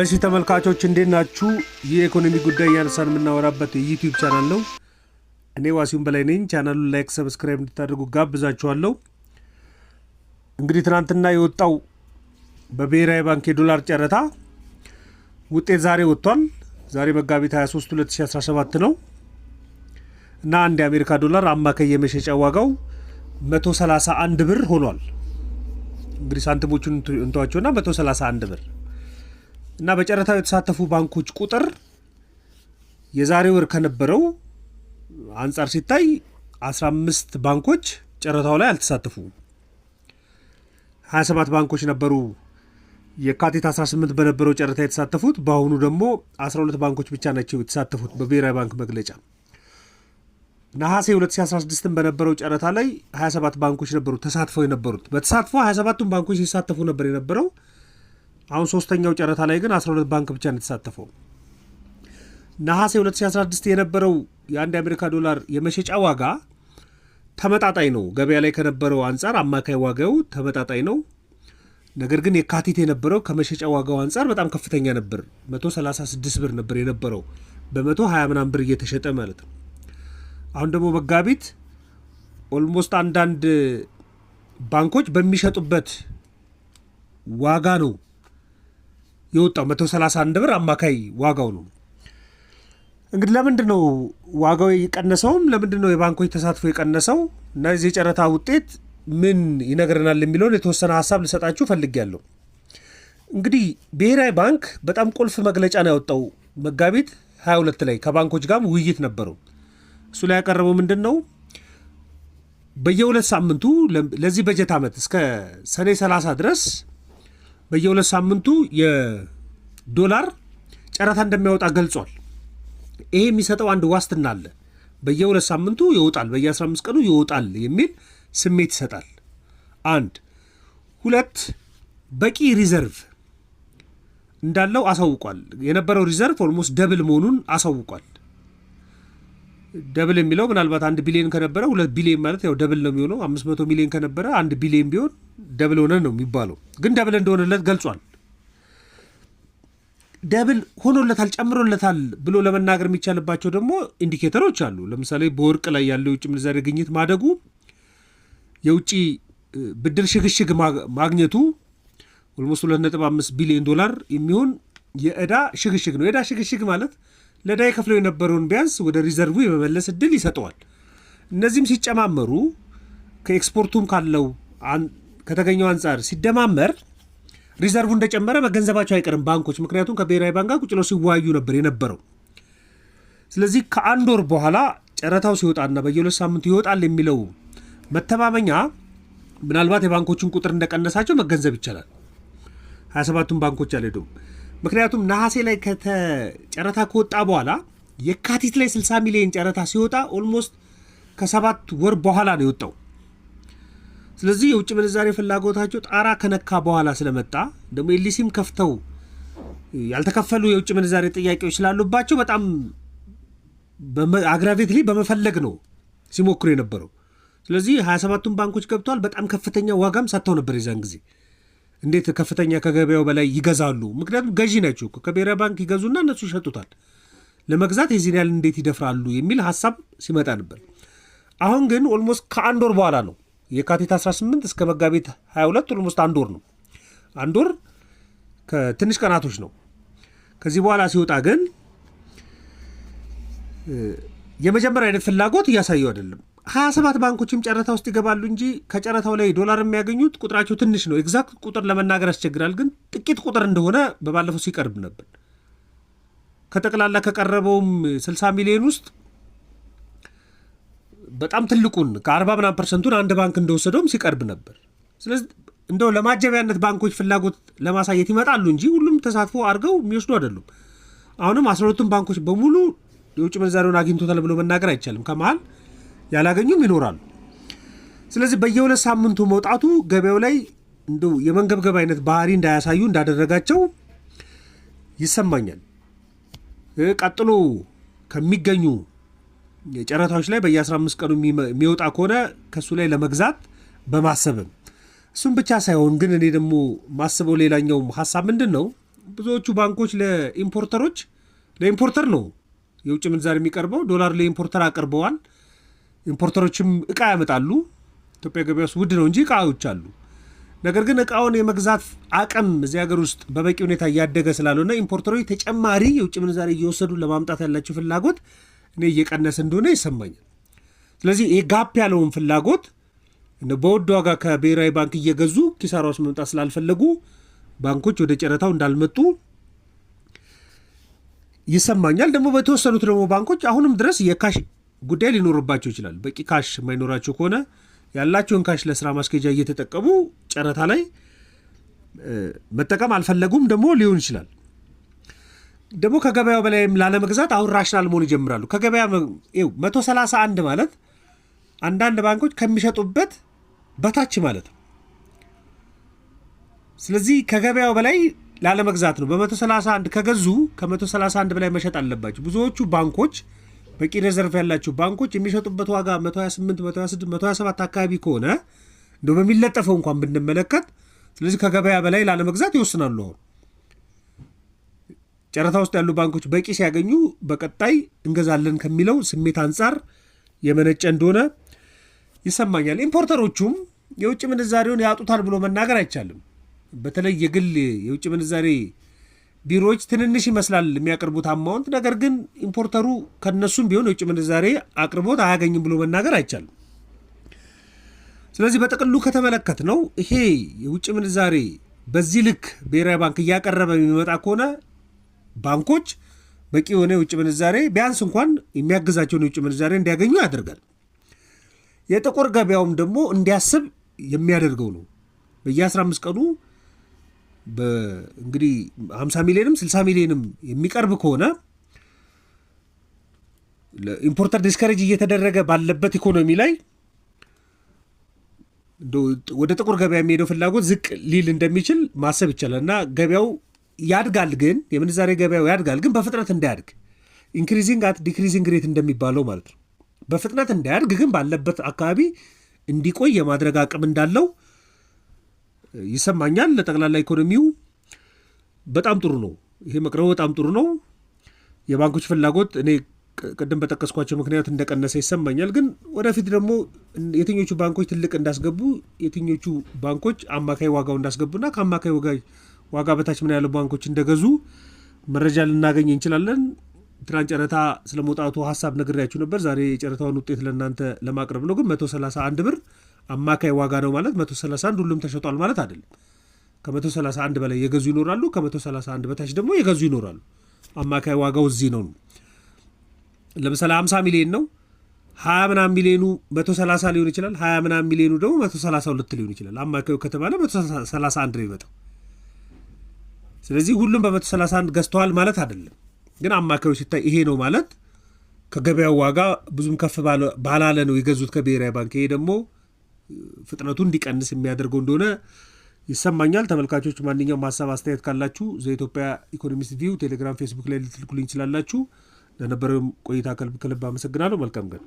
እሺ ተመልካቾች እንዴት ናችሁ? የኢኮኖሚ ጉዳይ እያነሳን የምናወራበት ዩቲዩብ ቻናል ነው። እኔ ዋሲሁን በላይ ነኝ። ቻናሉን ላይክ፣ ሰብስክራይብ እንድታደርጉ ጋብዛችኋለሁ። እንግዲህ ትናንትና የወጣው በብሔራዊ ባንክ የዶላር ጨረታ ውጤት ዛሬ ወጥቷል። ዛሬ መጋቢት 23 2017 ነው እና አንድ የአሜሪካ ዶላር አማካይ የመሸጫ ዋጋው 131 ብር ሆኗል። እንግዲህ ሳንቲሞቹን እንተዋቸውና 131 ብር እና በጨረታው የተሳተፉ ባንኮች ቁጥር የዛሬ ወር ከነበረው አንጻር ሲታይ 15 ባንኮች ጨረታው ላይ አልተሳተፉም። 27 ባንኮች ነበሩ የካቲት 18 በነበረው ጨረታ የተሳተፉት። በአሁኑ ደግሞ 12 ባንኮች ብቻ ናቸው የተሳተፉት በብሔራዊ ባንክ መግለጫ ነሐሴ 2016 በነበረው ጨረታ ላይ 27 ባንኮች ነበሩ ተሳትፈው የነበሩት። በተሳትፎ 27ቱም ባንኮች ሲሳተፉ ነበር የነበረው። አሁን ሶስተኛው ጨረታ ላይ ግን 12 ባንክ ብቻ ነው የተሳተፈው። ነሐሴ 2016 የነበረው የአንድ የአሜሪካ ዶላር የመሸጫ ዋጋ ተመጣጣኝ ነው፣ ገበያ ላይ ከነበረው አንጻር አማካይ ዋጋው ተመጣጣኝ ነው። ነገር ግን የካቲት የነበረው ከመሸጫ ዋጋው አንጻር በጣም ከፍተኛ ነበር። 136 ብር ነበር የነበረው በ120 ምናምን ብር እየተሸጠ ማለት ነው። አሁን ደግሞ መጋቢት ኦልሞስት አንዳንድ ባንኮች በሚሸጡበት ዋጋ ነው የወጣው። 131 ብር አማካይ ዋጋው ነው። እንግዲህ ለምንድን ነው ዋጋው የቀነሰውም? ለምንድን ነው የባንኮች ተሳትፎ የቀነሰው? እና የዚህ የጨረታ ውጤት ምን ይነግረናል የሚለውን የተወሰነ ሀሳብ ልሰጣችሁ ፈልጌያለሁ። እንግዲህ ብሔራዊ ባንክ በጣም ቁልፍ መግለጫ ነው ያወጣው መጋቢት 22 ላይ ከባንኮች ጋርም ውይይት ነበረው። እሱ ላይ ያቀረበው ምንድን ነው? በየሁለት ሳምንቱ ለዚህ በጀት ዓመት እስከ ሰኔ 30 ድረስ በየሁለት ሳምንቱ የዶላር ጨረታ እንደሚያወጣ ገልጿል። ይሄ የሚሰጠው አንድ ዋስትና አለ። በየሁለት ሳምንቱ ይወጣል፣ በየ15 ቀኑ ይወጣል የሚል ስሜት ይሰጣል። አንድ ሁለት በቂ ሪዘርቭ እንዳለው አሳውቋል። የነበረው ሪዘርቭ ኦልሞስት ደብል መሆኑን አሳውቋል። ደብል የሚለው ምናልባት አንድ ቢሊዮን ከነበረ ሁለት ቢሊዮን ማለት ያው ደብል ነው የሚሆነው። አምስት መቶ ሚሊዮን ከነበረ አንድ ቢሊዮን ቢሆን ደብል ሆነ ነው የሚባለው። ግን ደብል እንደሆነለት ገልጿል። ደብል ሆኖለታል ጨምሮለታል ብሎ ለመናገር የሚቻልባቸው ደግሞ ኢንዲኬተሮች አሉ። ለምሳሌ በወርቅ ላይ ያለው የውጭ ምንዛሬ ግኝት ማደጉ፣ የውጭ ብድር ሽግሽግ ማግኘቱ ኦልሞስት አምስት ቢሊዮን ዶላር የሚሆን የእዳ ሽግሽግ ነው። የእዳ ሽግሽግ ማለት ለዳይ ከፍለው የነበረውን ቢያንስ ወደ ሪዘርቭ የመመለስ እድል ይሰጠዋል። እነዚህም ሲጨማመሩ ከኤክስፖርቱም ካለው ከተገኘው አንጻር ሲደማመር ሪዘርቡ እንደጨመረ መገንዘባቸው አይቀርም ባንኮች። ምክንያቱም ከብሔራዊ ባንክ ጋር ቁጭ ብለው ሲወያዩ ነበር የነበረው። ስለዚህ ከአንድ ወር በኋላ ጨረታው ሲወጣና በየሁለት ሳምንቱ ይወጣል የሚለው መተማመኛ ምናልባት የባንኮችን ቁጥር እንደቀነሳቸው መገንዘብ ይቻላል። 27ቱም ባንኮች አልሄዱም። ምክንያቱም ነሐሴ ላይ ጨረታ ከወጣ በኋላ የካቲት ላይ 60 ሚሊዮን ጨረታ ሲወጣ ኦልሞስት ከሰባት ወር በኋላ ነው የወጣው። ስለዚህ የውጭ ምንዛሬ ፍላጎታቸው ጣራ ከነካ በኋላ ስለመጣ ደግሞ ኤልሲም ከፍተው ያልተከፈሉ የውጭ ምንዛሬ ጥያቄዎች ስላሉባቸው በጣም ላይ በመፈለግ ነው ሲሞክሩ የነበረው። ስለዚህ 27ቱን ባንኮች ገብተዋል። በጣም ከፍተኛ ዋጋም ሰጥተው ነበር የዛን ጊዜ። እንዴት ከፍተኛ ከገበያው በላይ ይገዛሉ? ምክንያቱም ገዢ ናቸው። ከብሔራዊ ባንክ ይገዙና እነሱ ይሸጡታል። ለመግዛት የዚህን ያህል እንዴት ይደፍራሉ የሚል ሀሳብ ሲመጣ ነበር። አሁን ግን ኦልሞስት ከአንድ ወር በኋላ ነው። የካቲት 18 እስከ መጋቢት 22 ኦልሞስት አንድ ወር ነው። አንድ ወር ከትንሽ ቀናቶች ነው። ከዚህ በኋላ ሲወጣ ግን የመጀመሪያ አይነት ፍላጎት እያሳየው አይደለም። ሀያ ሰባት ባንኮችም ጨረታ ውስጥ ይገባሉ እንጂ ከጨረታው ላይ ዶላር የሚያገኙት ቁጥራቸው ትንሽ ነው። ኤግዛክት ቁጥር ለመናገር ያስቸግራል፣ ግን ጥቂት ቁጥር እንደሆነ በባለፈው ሲቀርብ ነበር። ከጠቅላላ ከቀረበውም 60 ሚሊዮን ውስጥ በጣም ትልቁን ከ40 ምናምን ፐርሰንቱን አንድ ባንክ እንደወሰደውም ሲቀርብ ነበር። ስለዚህ እንደው ለማጀቢያነት ባንኮች ፍላጎት ለማሳየት ይመጣሉ እንጂ ሁሉም ተሳትፎ አድርገው የሚወስዱ አይደሉም። አሁንም አስራ ሁለቱም ባንኮች በሙሉ የውጭ ምንዛሪውን አግኝቶታል ብሎ መናገር አይቻልም ከመሀል ያላገኙም ይኖራሉ። ስለዚህ በየሁለት ሳምንቱ መውጣቱ ገበያው ላይ እንደው የመንገብገብ አይነት ባህሪ እንዳያሳዩ እንዳደረጋቸው ይሰማኛል። ቀጥሎ ከሚገኙ ጨረታዎች ላይ በየ15 ቀኑ የሚወጣ ከሆነ ከእሱ ላይ ለመግዛት በማሰብም እሱም ብቻ ሳይሆን ግን እኔ ደግሞ ማስበው ሌላኛው ሀሳብ ምንድን ነው፣ ብዙዎቹ ባንኮች ለኢምፖርተሮች ለኢምፖርተር ነው የውጭ ምንዛሪ የሚቀርበው ዶላር ለኢምፖርተር አቅርበዋል። ኢምፖርተሮችም እቃ ያመጣሉ። ኢትዮጵያ ገበያ ውስጥ ውድ ነው እንጂ እቃዎች አሉ። ነገር ግን እቃውን የመግዛት አቅም እዚህ ሀገር ውስጥ በበቂ ሁኔታ እያደገ ስላልሆነ ኢምፖርተሮች ተጨማሪ የውጭ ምንዛሬ እየወሰዱ ለማምጣት ያላቸው ፍላጎት እኔ እየቀነሰ እንደሆነ ይሰማኛል። ስለዚህ ይህ ጋፕ ያለውን ፍላጎት በውድ ዋጋ ከብሔራዊ ባንክ እየገዙ ኪሳራ ውስጥ መምጣት ስላልፈለጉ ባንኮች ወደ ጨረታው እንዳልመጡ ይሰማኛል። ደግሞ በተወሰኑት ደግሞ ባንኮች አሁንም ድረስ የካሽ ጉዳይ ሊኖርባቸው ይችላል። በቂ ካሽ የማይኖራቸው ከሆነ ያላቸውን ካሽ ለስራ ማስኬጃ እየተጠቀሙ ጨረታ ላይ መጠቀም አልፈለጉም ደግሞ ሊሆን ይችላል። ደግሞ ከገበያው በላይም ላለመግዛት አሁን ራሽናል መሆን ይጀምራሉ። ከገበያ መቶ ሰላሳ አንድ ማለት አንዳንድ ባንኮች ከሚሸጡበት በታች ማለት ነው። ስለዚህ ከገበያው በላይ ላለመግዛት ነው። በመቶ ሰላሳ ከገዙ ከመቶ ሰላሳ በላይ መሸጥ አለባቸው ብዙዎቹ ባንኮች በቂ ሬዘርቭ ያላቸው ባንኮች የሚሸጡበት ዋጋ 128፣ 126፣ 127 አካባቢ ከሆነ እንደ በሚለጠፈው እንኳን ብንመለከት፣ ስለዚህ ከገበያ በላይ ላለመግዛት ይወስናሉ። አሁን ጨረታ ውስጥ ያሉ ባንኮች በቂ ሲያገኙ በቀጣይ እንገዛለን ከሚለው ስሜት አንጻር የመነጨ እንደሆነ ይሰማኛል። ኢምፖርተሮቹም የውጭ ምንዛሬውን ያጡታል ብሎ መናገር አይቻልም። በተለይ የግል የውጭ ምንዛሬ ቢሮዎች ትንንሽ ይመስላል የሚያቀርቡት አማውንት፣ ነገር ግን ኢምፖርተሩ ከነሱም ቢሆን የውጭ ምንዛሬ አቅርቦት አያገኝም ብሎ መናገር አይቻልም። ስለዚህ በጥቅሉ ከተመለከት ነው ይሄ የውጭ ምንዛሬ በዚህ ልክ ብሔራዊ ባንክ እያቀረበ የሚመጣ ከሆነ ባንኮች በቂ የሆነ የውጭ ምንዛሬ ቢያንስ እንኳን የሚያግዛቸውን የውጭ ምንዛሬ እንዲያገኙ ያደርጋል። የጥቁር ገበያውም ደግሞ እንዲያስብ የሚያደርገው ነው። በየ15 ቀኑ እንግዲህ 50 ሚሊዮንም 60 ሚሊዮንም የሚቀርብ ከሆነ ኢምፖርተር ዲስከሬጅ እየተደረገ ባለበት ኢኮኖሚ ላይ ወደ ጥቁር ገበያ የሚሄደው ፍላጎት ዝቅ ሊል እንደሚችል ማሰብ ይቻላል እና ገበያው ያድጋል፣ ግን የምንዛሬ ገበያው ያድጋል፣ ግን በፍጥነት እንዳያድግ ኢንክሪዚንግ አት ዲክሪዚንግ ሬት እንደሚባለው ማለት ነው። በፍጥነት እንዳያድግ ግን ባለበት አካባቢ እንዲቆይ የማድረግ አቅም እንዳለው ይሰማኛል። ለጠቅላላ ኢኮኖሚው በጣም ጥሩ ነው። ይሄ መቅረቡ በጣም ጥሩ ነው። የባንኮች ፍላጎት እኔ ቅድም በጠቀስኳቸው ምክንያት እንደቀነሰ ይሰማኛል። ግን ወደፊት ደግሞ የትኞቹ ባንኮች ትልቅ እንዳስገቡ፣ የትኞቹ ባንኮች አማካይ ዋጋው እንዳስገቡና ከአማካይ ዋጋ በታች ምን ያሉ ባንኮች እንደገዙ መረጃ ልናገኝ እንችላለን። ትናንት ጨረታ ስለመውጣቱ ሀሳብ ነግሬያችሁ ነበር። ዛሬ የጨረታውን ውጤት ለእናንተ ለማቅረብ ነው። ግን መቶ ብር አማካይ ዋጋ ነው ማለት 131 ሁሉም ተሸጧል ማለት አይደለም። ከ131 በላይ የገዙ ይኖራሉ፣ ከ131 በታች ደግሞ የገዙ ይኖራሉ። አማካይ ዋጋው እዚህ ነው። ለምሳሌ 50 ሚሊዮን ነው 20 ምናምን ሚሊዮኑ 130 ሊሆን ይችላል። 20 ምናምን ሚሊዮኑ ደግሞ 132 ሊሆን ይችላል። አማካዩ ከተባለ 131 ነው ይመጣው። ስለዚህ ሁሉም በ131 ገዝተዋል ማለት አይደለም። ግን አማካዩ ሲታይ ይሄ ነው ማለት ከገበያው ዋጋ ብዙም ከፍ ባላለ ነው የገዙት ከብሔራዊ ባንክ ይሄ ደግሞ ፍጥነቱ እንዲቀንስ የሚያደርገው እንደሆነ ይሰማኛል። ተመልካቾች ማንኛውም ሀሳብ አስተያየት ካላችሁ ዘኢትዮጵያ ኢኮኖሚስት ቪው ቴሌግራም፣ ፌስቡክ ላይ ልትልኩልኝ ይችላላችሁ። ለነበረው ቆይታ ከልብ ከልብ አመሰግናለሁ። መልካም ቀን።